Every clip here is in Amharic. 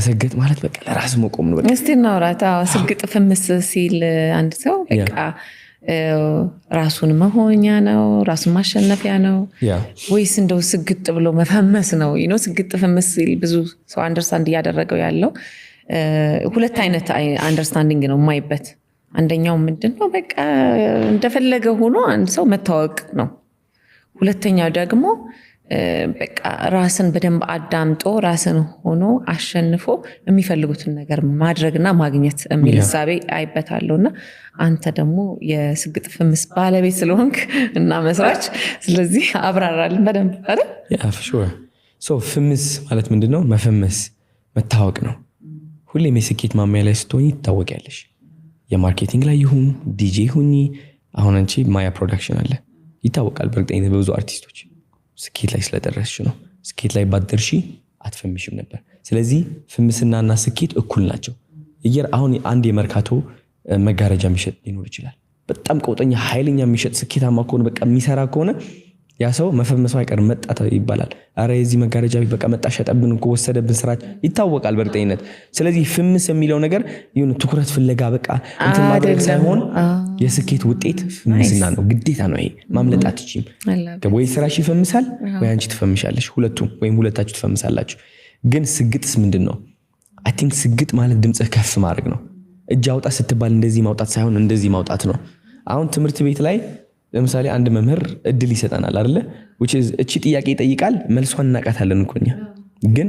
መሰገጥ ማለት በቃ ለራስ መቆም ነው። እስቲ እናውራት። ስግጥ ፍምስ ሲል አንድ ሰው በቃ ራሱን መሆኛ ነው፣ ራሱን ማሸነፊያ ነው ወይስ እንደው ስግጥ ብሎ መፈመስ ነው? ነው ስግጥ ፍምስ ሲል ብዙ ሰው አንደርስታንድ እያደረገው ያለው ሁለት አይነት አንደርስታንዲንግ ነው የማይበት። አንደኛው ምንድን ነው በቃ እንደፈለገ ሆኖ አንድ ሰው መታወቅ ነው። ሁለተኛው ደግሞ በቃ ራስን በደንብ አዳምጦ ራስን ሆኖ አሸንፎ የሚፈልጉትን ነገር ማድረግና ማግኘት የሚል እሳቤ አይበታለሁ እና አንተ ደግሞ የስግጥ ፍምስ ባለቤት ስለሆንክ እና መስራች፣ ስለዚህ አብራራልን በደንብ አይደል? ፍምስ ማለት ምንድን ነው? መፈመስ መታወቅ ነው። ሁሌም የስኬት ማማያ ላይ ስትሆኝ ይታወቂያለሽ። የማርኬቲንግ ላይ ይሁን ዲጄ ሁኚ፣ አሁን አንቺ ማያ ፕሮዳክሽን አለ ይታወቃል፣ በእርግጠኝነት በብዙ አርቲስቶች ስኬት ላይ ስለደረስሽ ነው። ስኬት ላይ ባደርሺ አትፈምሽም ነበር። ስለዚህ ፍምስናና ስኬት እኩል ናቸው። እየር አሁን አንድ የመርካቶ መጋረጃ የሚሸጥ ሊኖር ይችላል። በጣም ቀውጠኛ ኃይለኛ የሚሸጥ ስኬታማ ከሆነ በቃ የሚሰራ ከሆነ ያ ሰው መፈመሱ አይቀርም መጣ ይባላል። አረ የዚህ መጋረጃ ቤት በቃ መጣ፣ ሸጠብን እኮ ወሰደብን፣ ስራች ይታወቃል በእርግጠኝነት። ስለዚህ ፍምስ የሚለው ነገር ይሁን ትኩረት ፍለጋ በቃ እንትን ማድረግ ሳይሆን የስኬት ውጤት ፍምስና ነው፣ ግዴታ ነው። ይሄ ማምለጥ አትችይም። ወይ ስራሽ ይፈምሳል ወይ አንቺ ትፈምሻለሽ፣ ሁለቱም ወይም ሁለታችሁ ትፈምሳላችሁ። ግን ስግጥስ ምንድን ነው? አይ ቲንክ ስግጥ ማለት ድምፅህ ከፍ ማድረግ ነው። እጅ አውጣ ስትባል እንደዚህ ማውጣት ሳይሆን እንደዚህ ማውጣት ነው። አሁን ትምህርት ቤት ላይ ለምሳሌ አንድ መምህር እድል ይሰጠናል አይደለ? እቺ ጥያቄ ይጠይቃል፣ መልሷን እናቃታለን እኮ እኛ ግን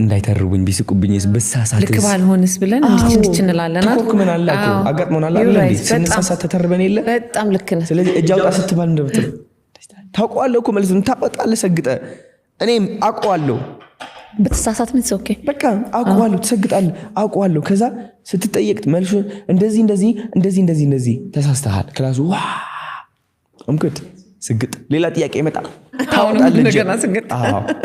እንዳይተርቡኝ ቢስቁብኝ ብሳሳት ልክ ባልሆንስ ብለን እንድች እንላለን። ተኮርኩመናል አጋጥሞናል አለ ስንሳሳት ተተርበን የለ በጣም ልክ ነህ። ስለዚህ እጅ አውጣ ስትባል እንደብት ታውቀዋለሁ እኮ መልስ ታወጣለህ ሰግጠ እኔም አውቀዋለሁ በተሳሳት ምን ሰውኬ በቃ አውቀዋለሁ ትሰግጣለህ አውቀዋለሁ። ከዛ ስትጠየቅ መልሱ እንደዚህ እንደዚህ እንደዚህ እንደዚህ እንደዚህ ተሳስተሃል ክላሱ ዋ እምክት ስግጥ ሌላ ጥያቄ ይመጣል። ታወጣለች።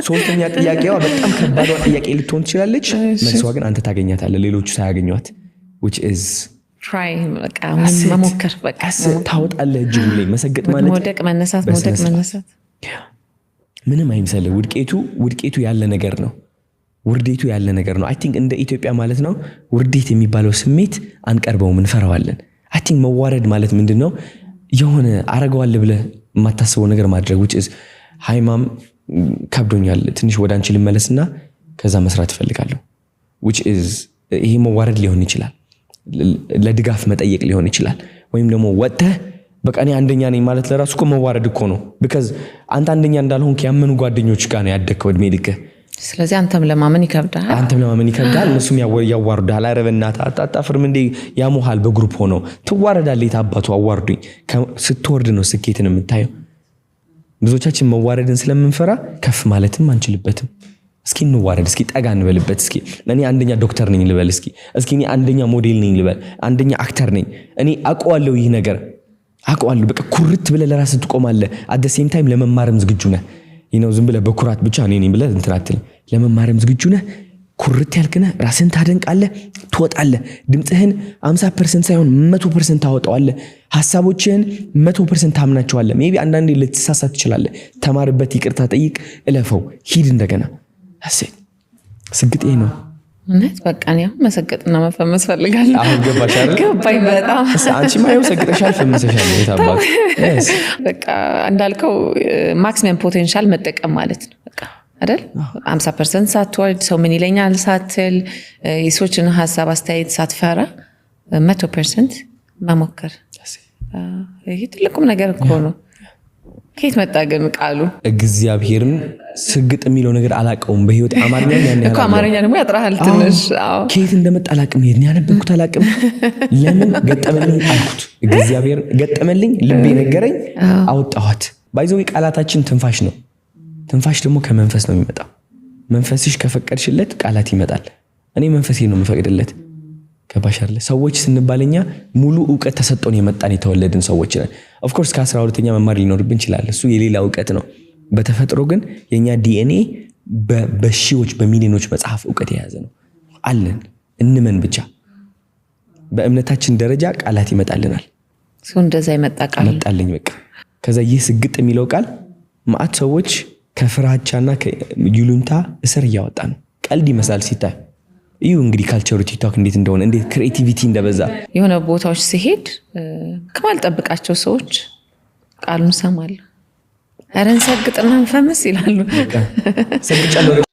ሶስተኛ ጥያቄዋ በጣም ከባዷ ጥያቄ ልትሆን ትችላለች። መልሷ ግን አንተ ታገኛታለህ፣ ሌሎቹ ሳያገኟት መሞከር ታወጣለህ። እጅ ብላ መሰገጥ ማለት መውደቅ፣ መነሳት፣ መውደቅ፣ መነሳት ምንም አይምሰልህ። ውድቄቱ ውድቄቱ ያለ ነገር ነው። ውርዴቱ ያለ ነገር ነው። አይ ቲንክ እንደ ኢትዮጵያ ማለት ነው ውርዴት የሚባለው ስሜት አንቀርበውም፣ እንፈራዋለን። አይ ቲንክ መዋረድ ማለት ምንድን ነው? የሆነ አረገዋል ብለህ የማታስበው ነገር ማድረግ ውጭ ሃይማም ከብዶኛል፣ ትንሽ ወደ አንቺ ልመለስና ከዛ መስራት እፈልጋለሁ። ይሄ መዋረድ ሊሆን ይችላል፣ ለድጋፍ መጠየቅ ሊሆን ይችላል። ወይም ደግሞ ወጥተህ በቃ እኔ አንደኛ ነኝ ማለት ለራሱ እኮ መዋረድ እኮ ነው። ቢካዝ አንተ አንደኛ እንዳልሆንክ ያመኑ ጓደኞች ጋር ነው ያደግከው እድሜ ልክህ ስለዚህ አንተም ለማመን ይከብዳል፣ አንተም ለማመን ይከብዳል። እነሱም ያዋርዳል። አረ በእናትህ አጣጣፍርም እንዴ ያሞሃል። በግሩፕ ሆነው ትዋረዳለህ። የታባቱ አዋርዱኝ። ስትወርድ ነው ስኬትን የምታየው። ብዙዎቻችን መዋረድን ስለምንፈራ ከፍ ማለትም አንችልበትም። እስኪ እንዋረድ፣ እስኪ ጠጋ እንበልበት። እስኪ እኔ አንደኛ ዶክተር ነኝ ልበል። እስኪ እስኪ እኔ አንደኛ ሞዴል ነኝ ልበል። አንደኛ አክተር ነኝ እኔ አውቀዋለሁ፣ ይህ ነገር አውቀዋለሁ። በቃ ኩርት ብለህ ለራስህ ትቆማለህ። አደሴም ታይም ለመማርም ዝግጁ ነህ። ነው ዝም ብለህ በኩራት ብቻ እኔ ነኝ ብለህ እንትን አትልም። ለመማርም ዝግጁ ነህ፣ ኩርት ያልክ ያልክነህ ራስህን ታደንቃለህ፣ ትወጣለህ። ድምፅህን 50 ፐርሰንት ሳይሆን መቶ ፐርሰንት ታወጣዋለህ። ሀሳቦችህን መቶ ፐርሰንት ታምናቸዋለህ። ሜይ ቢ አንዳንዴ ልትሳሳት ትችላለህ። ተማርበት፣ ይቅርታ ጠይቅ፣ እለፈው፣ ሂድ እንደገና። ስግጤ ነው። እውነት በቃ እኔ አሁን መሰገጥና መፈመስ ፈልጋለሁ። አሁን ገባሻል? ገባኝ። በጣም አንቺማ ያው ሰግጠሻል፣ ፈመሰሻል። በቃ እንዳልከው ማክሲመም ፖቴንሻል መጠቀም ማለት ነው በቃ አይደል? አምሳ ፐርሰንት ሳትወርድ ሰው ምን ይለኛል ሳትል የሰዎችን ሀሳብ አስተያየት ሳትፈራ መቶ ፐርሰንት መሞከር ይህ ትልቁም ነገር እኮ ነው። ከየት መጣ ግን ቃሉ? እግዚአብሔርን ስግጥ የሚለው ነገር አላቀውም። በህይወት አማርኛ እኮ አማርኛ ደግሞ ያጥራሃል ትንሽ። ከየት እንደመጣ አላቅም። የት ያነበብኩት አላቅም። ለምን ገጠመልኝ አልኩት። እግዚአብሔር ገጠመልኝ፣ ልቤ ነገረኝ፣ አወጣኋት። ባይዘ ቃላታችን ትንፋሽ ነው። ትንፋሽ ደግሞ ከመንፈስ ነው የሚመጣው። መንፈስሽ ከፈቀድሽለት ቃላት ይመጣል። እኔ መንፈሴ ነው የምፈቅድለት ከባሻር ሰዎች ስንባለኛ ሙሉ እውቀት ተሰጥቶን የመጣን የተወለድን ሰዎች ነን። ኦፍኮርስ ከአስራ ሁለተኛ መማር ሊኖርብን ይችላል። እሱ የሌላ እውቀት ነው። በተፈጥሮ ግን የእኛ ዲኤንኤ በሺዎች በሚሊዮኖች መጽሐፍ እውቀት የያዘ ነው። አለን እንመን ብቻ። በእምነታችን ደረጃ ቃላት ይመጣልናል። እንደዛ ይመጣ ቃል መጣልኝ በቃ ከዛ ይህ ስግጥ የሚለው ቃል ማአት ሰዎች ከፍራቻና ከይሉንታ እስር እያወጣ ነው። ቀልድ ይመስላል ሲታይ እዩ እንግዲህ ካልቸሩ ቲክቶክ እንዴት እንደሆነ እንዴት ክሬቲቪቲ እንደበዛ የሆነ ቦታዎች ሲሄድ ከማልጠብቃቸው ሰዎች ቃሉን ሰማለሁ። ኧረ እንሰግጥና እንፈምስ ይላሉ። ሰግጫለሁ